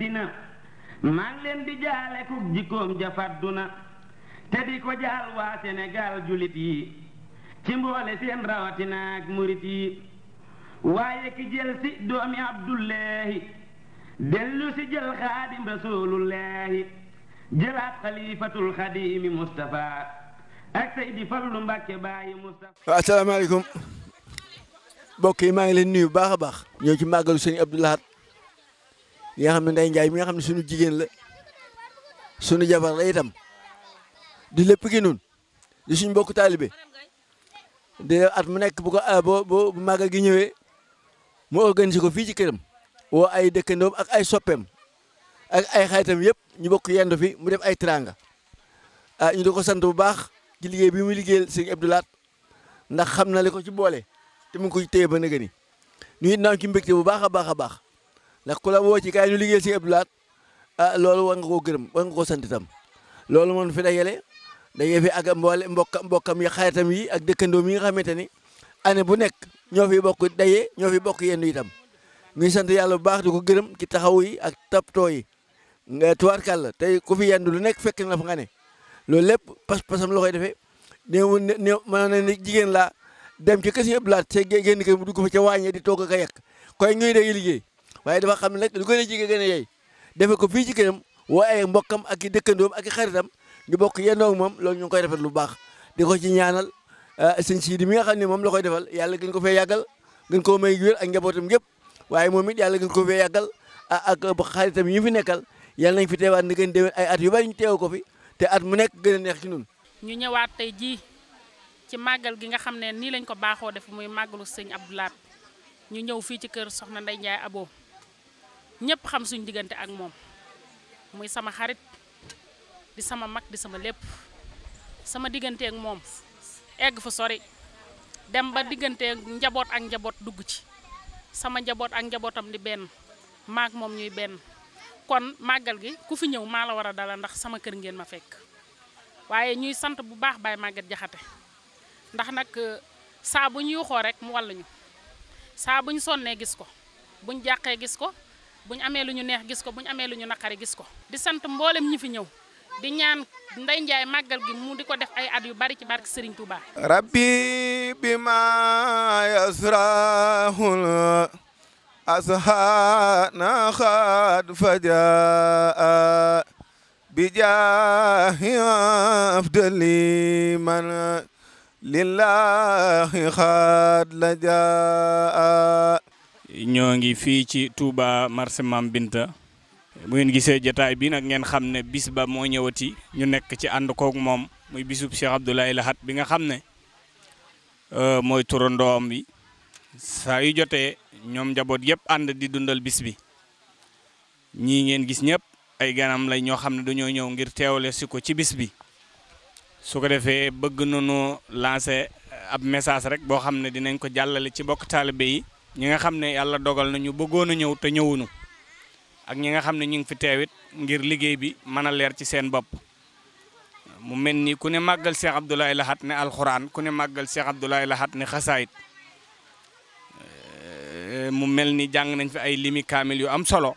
dina maa ngi leen di jaale ku jikkoom ja fàddu na ko jaal waa Sénégal julit yi ci mboole seen rawatina ak waaye ki jël si doomi Abdullahi dellu si jël xaadim rasulullahi jëlaat xalifatul xadimi Mustafa ak Seydi Fallu Mbàkke bàyyi Mustafa asalaamaaleykum mbokk yi maa ngi leen nuyu baax baax ñëw ci màggalu yi nga xam ne Ndeye Ndiaye mi nga xam ne sunu jigéen la suñu jabar la itam di lépp ki nun di suñu mbokku taalibe di at mu nekk bu ko ah, bu bu màggal gi ñëwee mu organiser ko fii ci këram woo ay dëkkandoom ak ay soppeem ak ay xaytam yëpp ñu bokk yendu fi mu def ay teraanga ah ñu di ko sant bu baax ci liggéey bi mu liggéeyal sëñ Abdou ndax xam na li ko ci boole te mu ngi koy téye ba nëgëni ñu it naan ci mbégte bu baax a baax a baax. ndax ku la woo ci kaay ñu liggéey si Abdou Lahad ah loolu war nga koo gërëm war nga koo sant itam loolu moom fi dajale dañuy fi ak mboole mbokk mbokkam yi xaritam yi ak dëkkandoom yi nga xamante ni année bu nekk ñoo fi bokk daje ñoo fi bokk yendu itam ñuy sant yàlla bu baax di ko gërëm ci taxaw yi ak taptoo yi nga tubaarkàlla tey ku fi yendu lu nekk fekk na fa nga ne loolu lépp pas-pasam la koy defee néew néew mën na ne jigéen laa dem ci kër si Abdou Lahad see génn kër mu dugg fa ca waañee di toog ak a yekk koy liggéey waaye dafa xam ne nag lu gën a ko fii ci këram woo ay mbokkam ak i dëkkandoom ak i xaritam ñu bokk yendoog moom lool ñu koy rafet lu baax di ko ci ñaanal ah, sëñ Sidi mi nga xam ne moom la koy defal yàlla gën ko fee yàggal gën ko may wér ak njabootam yëpp waaye moom it yàlla gën ko fee a ah, ak xaritam yi fi nekkal yàlla nañ fi teewaat na gën déwén ay at yu bari ñu teew ko fi te at mu nekk gën a neex ci ñun ñu ñëwaat tey jii ci màggal gi nga xam ne nii lañ ko baaxoo def muy màggalu sëñ Abdou Lahad ñu ñëw fii ci kër soxna Ndeye Ndiaye Abo ñépp xam suñ diggante ak moom muy sama xarit di sama mag di sama lépp sama digganteek moom egg fa sori dem ba digganteek njaboot ak njaboot dugg ci sama njaboot ak njabootam di benn maag moom ñuy benn kon màggal gi ku fi ñëw maa la war a dala ndax sama kër ngeen ma fekk waaye ñuy sant bu baax Baye Maguette Jaxate ndax nag euh, saa bu ñu yuuxoo rek mu wàlluñu saa bu ñu sonnee gis ko buñ jàqee gis ko bu ñu amee lu ñu neex gis ko bu ñu amee lu ñu naqari gis ko di sant mboole ñi fi ñëw di ñaan Ndeye Ndiaye màggal gi mu di ko def ay at yu bari ci barke Serigne Touba rabbi bi ma yasrahul ashana xad fajaa bi jaahi afdali man lillahi xad la jaa ñoo ngi fii ci Touba marché Mame Binta bu ngeen gisee jataay bi nag ngeen xam ne bis ba moo ñëwati ñu nekk ci ànd kook moom muy bisub Cheikh Abdoulaye Lahat bi nga xam ne euh, mooy turandoom bi saa yu jotee ñoom njaboot yëpp ànd di dundal bis bi ñii ngeen gis ñëpp ay ganam lay ñoo xam ne dañoo ñëw ngir teewle si ko ci bis bi su ko defee bëgg nañu lancer ab message rek boo xam ne dinañ ko jàllale ci bokk taalibe yi ñu nga xam ne yàlla dogal na ñu bëggoon a ñëw te ñëwunu ak ñi nga xam ne ñu ngi fi teewit ngir liggéey bi mën a leer ci seen bopp mu mel ni ku ne màggal Cheikh Abdoulaye Lahat ne alxuraan ku ne màggal Cheikh Abdoulaye Lahat ne xasaayit eh, mu mel ni jàng nañ fi ay limi kaamil yu am solo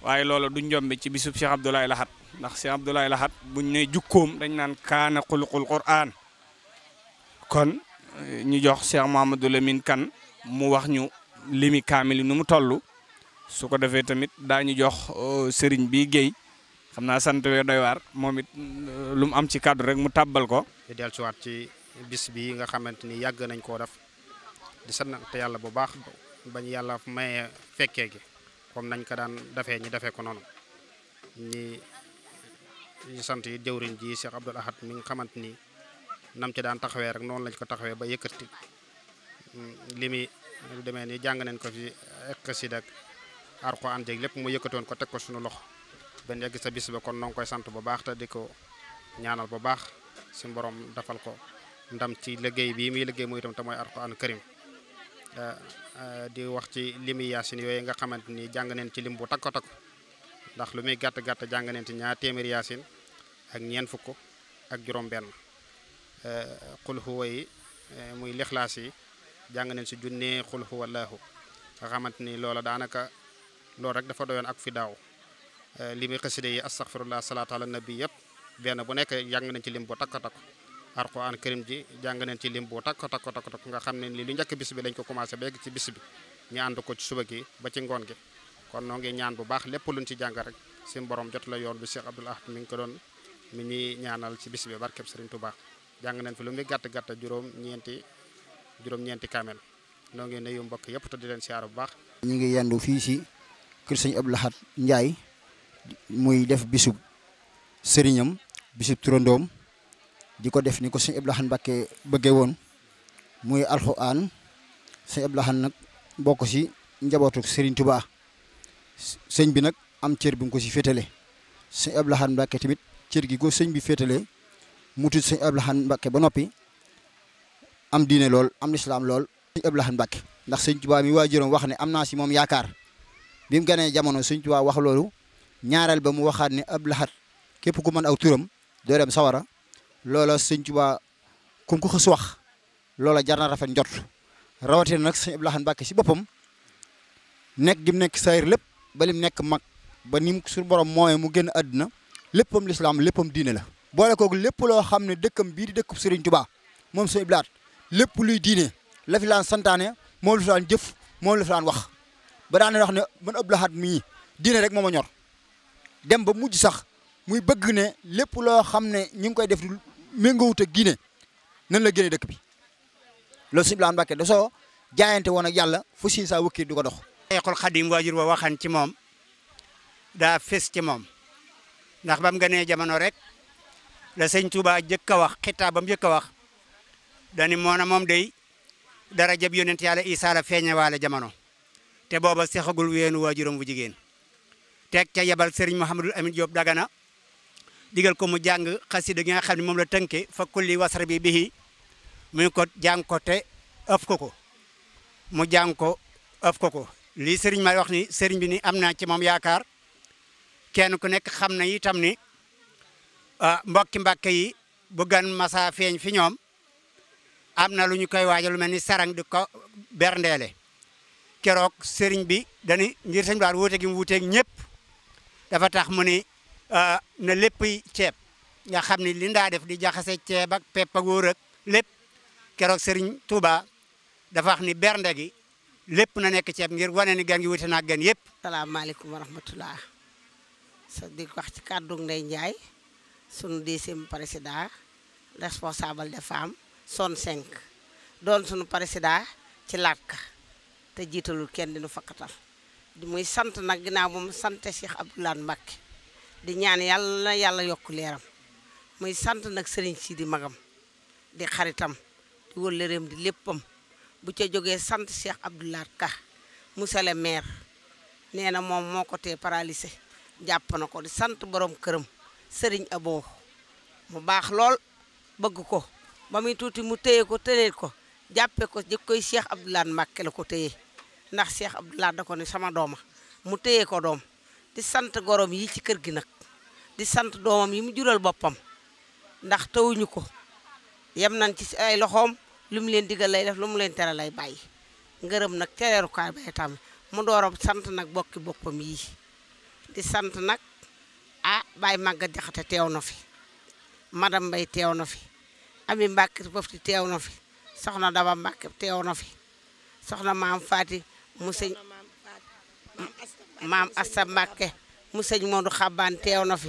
waaye loola du njombe ci bisub Cheikh Abdoulaye Lahat ndax Cheikh Abdoulaye Lahat buñ ne jukkoom dañ naan kaana xuluqul quraan kon eh, ñu jox Cheikh Mouhamadou Lamine Kane mu wax ñu limi kaamil nu mu toll su ko defee tamit daañu jox euh, sëriñ bi géey xam naa sant we doy waar moom it euh, lu mu am ci kàddu rek mu tàbbal ko. di dellusiwaat ci bis bi nga xamante ni yàgg nañ koo def di sant te yàlla bu baax bañ yàlla maye fekkee gi comme nañ ko daan defee ñi defee ko noonu ñi ñu sant yi jëwriñ ji Cheikh Abdoul Ahad mi nga xamante ni nam ci daan taxawee rek noonu lañ ko taxawee ba yëkkati mm, limi lu demee ni jàng nañ ko fi ak xasida ak Alxuraan lépp mu yëkkatoon ko teg ko suñu loxo benn yegg sa bis ba kon noo koy sant bu baax te di ko ñaanal bu baax si mborom dafal ko ndam ci liggéey bii muy liggéey muy itam te mooy Alxuraan karim eh, eh, di wax ci limi yaasin yooyu nga xamante ni jàng nañ ci lim bu takko takko ndax lu muy gàtt gàtt jàng nañ ci ñaar téeméeri yaasin ak ñeent fukk ak juróom benn xul eh, huwa yi muy lixlaas yi jàng nañ si junne xul huwallaahu nga xamante ni loola daanaka loolu rek dafa doyoon ak fi daaw eh, li muy xasida yi astaghfirullah salaatu ala nabi yëpp benn bu nekk jàng nañ ci lim bu takk takk alquran karim ji jàng nañ ci lim bu takk takk takk takk nga xam ne ni lu njëkk bis bi lañ ko commencé beeg ci bis bi ñu ànd ko ci suba gi ba ci ngoon gi kon noo ñaan bu baax lépp luñ ci jàng rek suñu borom jot la yoon bi si Abdoul Ahad mi ngi ko doon mi ñuy ñaanal ci bis bi barkeb Serigne Touba jàng nañ fi juróom ñeenti juróom-ñeenti kaamel noo ngi nuyu mbokk yëpp te di leen siyaar bu baax. ñu ngi yendu fii si kër sëñ Abdou Lahad Ndiaye muy def bisub sëriñam bisub turandoom di ko def ni ko sëñ Abdou Lahad Mbacke woon muy alxuraan sëñ Abdou Lahad nag bokk si njabootu Serigne Touba sëñ bi nag am cër ko si féetale sëñ Abdou Lahad Mbacke tamit cër gi ko sëñ bi féetale mu tudd sëñ Abdou Lahad Mbacke ba noppi. am diine lool am lislaam lool sëñ Abdou Lahad Mbacke ndax sëñ Tuubaa mi waajuram wax ne am naa si moom yaakaar bi mu ganee jamono sëñ Tuubaa wax loolu ñaareel ba mu waxaat ni Abdou Lahad képp ku mën aw turam doo dem sawara loola sëñ Tuubaa ku ko xës wax loola jar rafet njot rawatina nag sëñ si boppam nekk gi mu nekk sayir lépp ba lim nekk mag ba ni mu suñu borom mooy mu génn àdduna léppam lislaam léppam diine la boole kooku lépp loo xam ne dëkkam bii di dëkkub Serigne Touba moom sëñ lépp luy diine la fi laan santaane moom la jëf moom la fi wax ba daan wax ne man Abdou Lahad mii diine rek moom ma ñor dem ba mujj sax muy bëgg ne lépp loo xam ne ñu ngi koy def méngoowut ak diine nan la génne dëkk bi loo sëñ Lahad Mbacke da jaayante woon a yàlla fu si saa wëkkil du ko dox. Seexul Xadim waajur wa waxan ci moom daa fes ci moom ndax bam nga nee jamono rek la sëñ Touba jëkk a wax xitaab bam jëkk a wax. dani moona moom day dara jab yonent yàlla Isaa la feeñewaale jamono te booba sexagul weenu waajuram bu jigéen teg ca yebal Serigne Mouhamadul Amin Diop Dagana digal ko mu jàng xasida gi nga xam ne moom la tënke kulli wasar bi bihi muy ko jàng ko te ëf ko ko mu jàng ko ëf ko ko lii Serigne ma wax ni Serigne bi ni am naa ci moom yaakaar kenn ku nekk xam na itam ni ah, mbokki mbàkke yi bu gan masa feeñ fi ñoom am na lu ñu koy waajal lu mel ni sarang di ko berndeele keroog sëriñ bi dañu ngir sëñ baar wuute gi mu wuuteeg ñëpp dafa tax mu ni ah, na lépp ceeb nga xam ni li ndaa def di jaxase ceeb ak pepp lépp keroog sëriñ Touba dafa wax ni bernde gi lépp na nekk ceeb ngir wane ni gan gi wuute naa gan yëpp. salaamaaleykum wa rahmatulah sa di wax ci kàddu Ndeye njaay sunu dixième président responsable des femmes. son cinq doon sunu président ci laat ka te jiitalul kenn dinu fakkatal muy sant nag ginnaaw moom sante Cheikh Abdoulaye Mbacke di ñaan yàlla na yàlla yokk leeram muy sant nag sëriñ si di magam di xaritam di wëllëreem di léppam bu ca jógee sant Cheikh Abdoulaye Ka monsieur le maire nee na moom moo ko tee paralysé jàpp na ko di sant borom këram sëriñ Abo mu baax lool bëgg ko ba muy tuuti mu téye ko tëleel ko jàppe ko jëkk koy Cheikh Abdou Lahad Mbacké la ko téye ndax Cheikh Abdou Lahad da ko ne sama dooma mu téye ko doom di sant gorom yi ci kër gi nag di sant doomam yi mu jural boppam ndax tawuñu ko yem nañ ci ay loxoom lu mu leen digal lay def lu mu leen tere lay bàyyi ngërëm nag tereerukaay bay tam mu door sant nag bokki boppam yii di sant nag ah Baye Maguette Diakhaté teew na fi madame mbay teew na fi Ami Mbàkke Bofti teew na fi soxna Daba Mbàkke teew na fi soxna maam Faati mu sëñ maam Asta Mbàkke mu sëñ Moodu Xabbaan teew na fi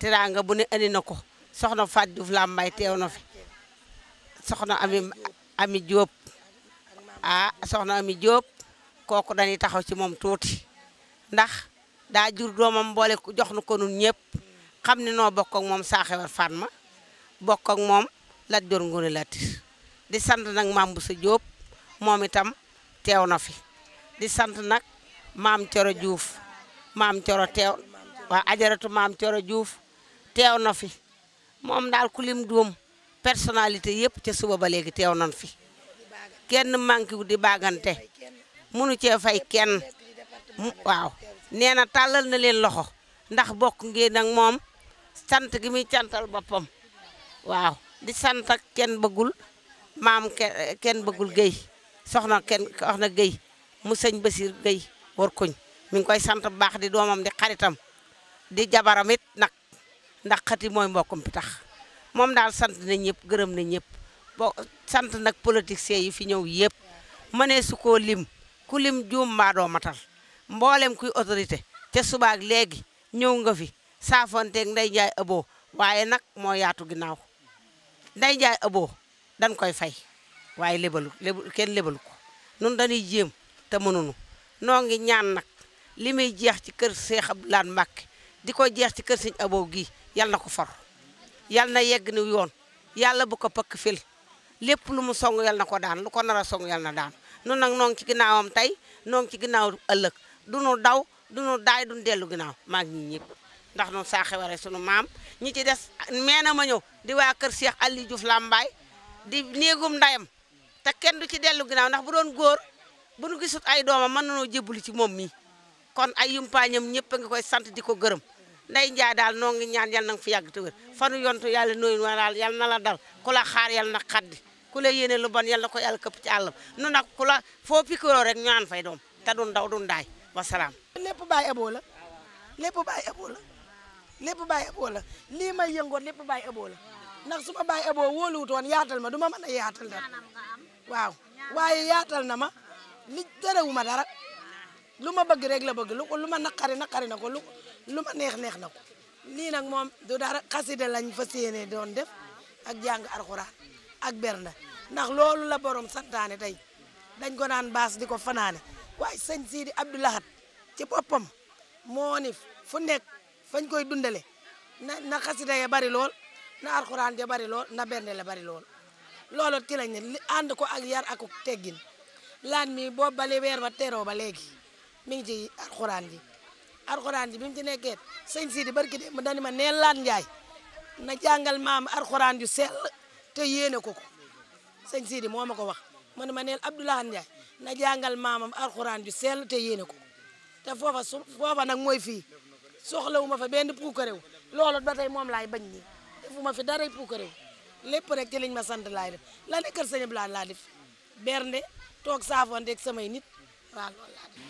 teraanga bu ne andi na ko soxna Faat Juuf Làmbaay teew na fi soxna Ami Ami ah soxna Ami Jóob kooku dañuy taxaw ci moom tuuti ndax daa jur dooma boole jox nu ko nun ñëpp xam ne noo bokk ak moom saaxewar Fatma bokk ak moom Lat Joor Ngoone Latir di sant nag maam bu sa Jóob moom itam teew na fi di sant nag maam Coro Diouf maam Coro teew ajaratu maam Coro Diouf teew na fi moom daal ku lim doom personnalité yëpp ca suba ba léegi teew nan fi kenn manqué wu di baagante munu cee fay kenn waaw nee na tàllal na leen loxo ndax bokk ngeen ak moom sant gi muy cantal boppam waaw di sant ak kenn bëggul maam kenn bëggul Guèye soxna kenn soxna Guèye mu sëñ Basir Guèye war koñ mi ngi koy sant bu baax di doomam di xaritam di jabaramit it nag ndax mooy mbokkum bi tax moom daal sant na ñëpp gërëm na ñëpp bo sant nag politiciens yi fi ñëw yëpp mënee su koo lim ku lim juum mbaa doo matal mboolem kuy autorité te subaak léegi ñëw nga fi saafonteeg nday njaay ëboo waaye nag moo yaatu ginnaaw nday jaay ëboo dañ koy fay waaye lebalu lebalu kenn lebalu ko nun dañuy jéem te mënunu noo ngi ñaan nag li muy jeex ci kër Seex Abdu Lahad Mbàkke di ko jeex ci kër sëñ aboo gii yal ko for yal na yegg ni yoon yàlla bu ko pëkk fil lépp lu mu song yal na ko daan lu ko nara a song na daan nun nag noo ngi ci ginnaawam tey noo ngi ci ginnaaw ëllëg du nu daw du nu daay du nu dellu ginnaaw maa ngi ñii ñëpp ndax nun saaxe ware sunu maam ñi ci des meena ma ñëw di waa kër Cheikh Aliou Diouf Lambaay di néegum ndayam te kenn du ci dellu ginnaaw ndax bu doon góor bu nu gisut ay dooma mën nañoo jébbalu ci moom mii kon ay yumpaañam ñëpp a ngi koy sant di ko gërëm nday njaay daal noo ngi ñaan yal na nga fi yàgg te wér fanu yontu yàlla nooyun wa daal yal na la dal ku la xaar yal na ku la yéene lu bon yal ko yàlla këpp ci àllam nu nag ku la foo pikiroo rek ñaan fay doom te dun daw dun daay lépp bàyyi ëboo la lii may yëngoon lépp bàyyi ëboo la ndax su ma bàyyi ëboo wóoluwutoon yaatal ma du ma mën a yaatal waaw waaye yaatal na ma li terewu ma dara lu ma bëgg rek la bëgg lu ko lu ma naqari na ko lu lu ma neex neex na ko lii nag moom du dara xasida lañ fas yéene doon def ak jàng arxuraan ak bernda ndax loolu la borom santaane tey dañ ko naan baas di ko fanaane waaye sëñ Sidi Abdou Lahad ci boppam moo ni fañ koy dundale na na xasida ya bari lool na alxuraan ja bari lool na bernde la bari lool loolu ci lañ ne ànd ko ak yar ak teggin laan mi boo bale weer ba teroo ba léegi mi ngi ci alxuraan ji alxuraan ji bi mu ci nekkee sëñ Sidi barki de mu dani ma nee laan njaay na jàngal maam alxuraan ju sell te yéene ko ko sëñ Sidi moo ma ko wax mu ne ma neel Abdoulaye Ndiaye na jàngal maamam alxuraan ju sell te yéene ko te foofa su foofa nag mooy fii soxlawuma fa benn puukarew loolu ba tey moom laay bañ nii defuma fi daray puukarew lépp rek ci liñ ma sant laay def la ne kër sëñ bi laa def bernde toog saafoonteeg samay nit waaw loolu laa def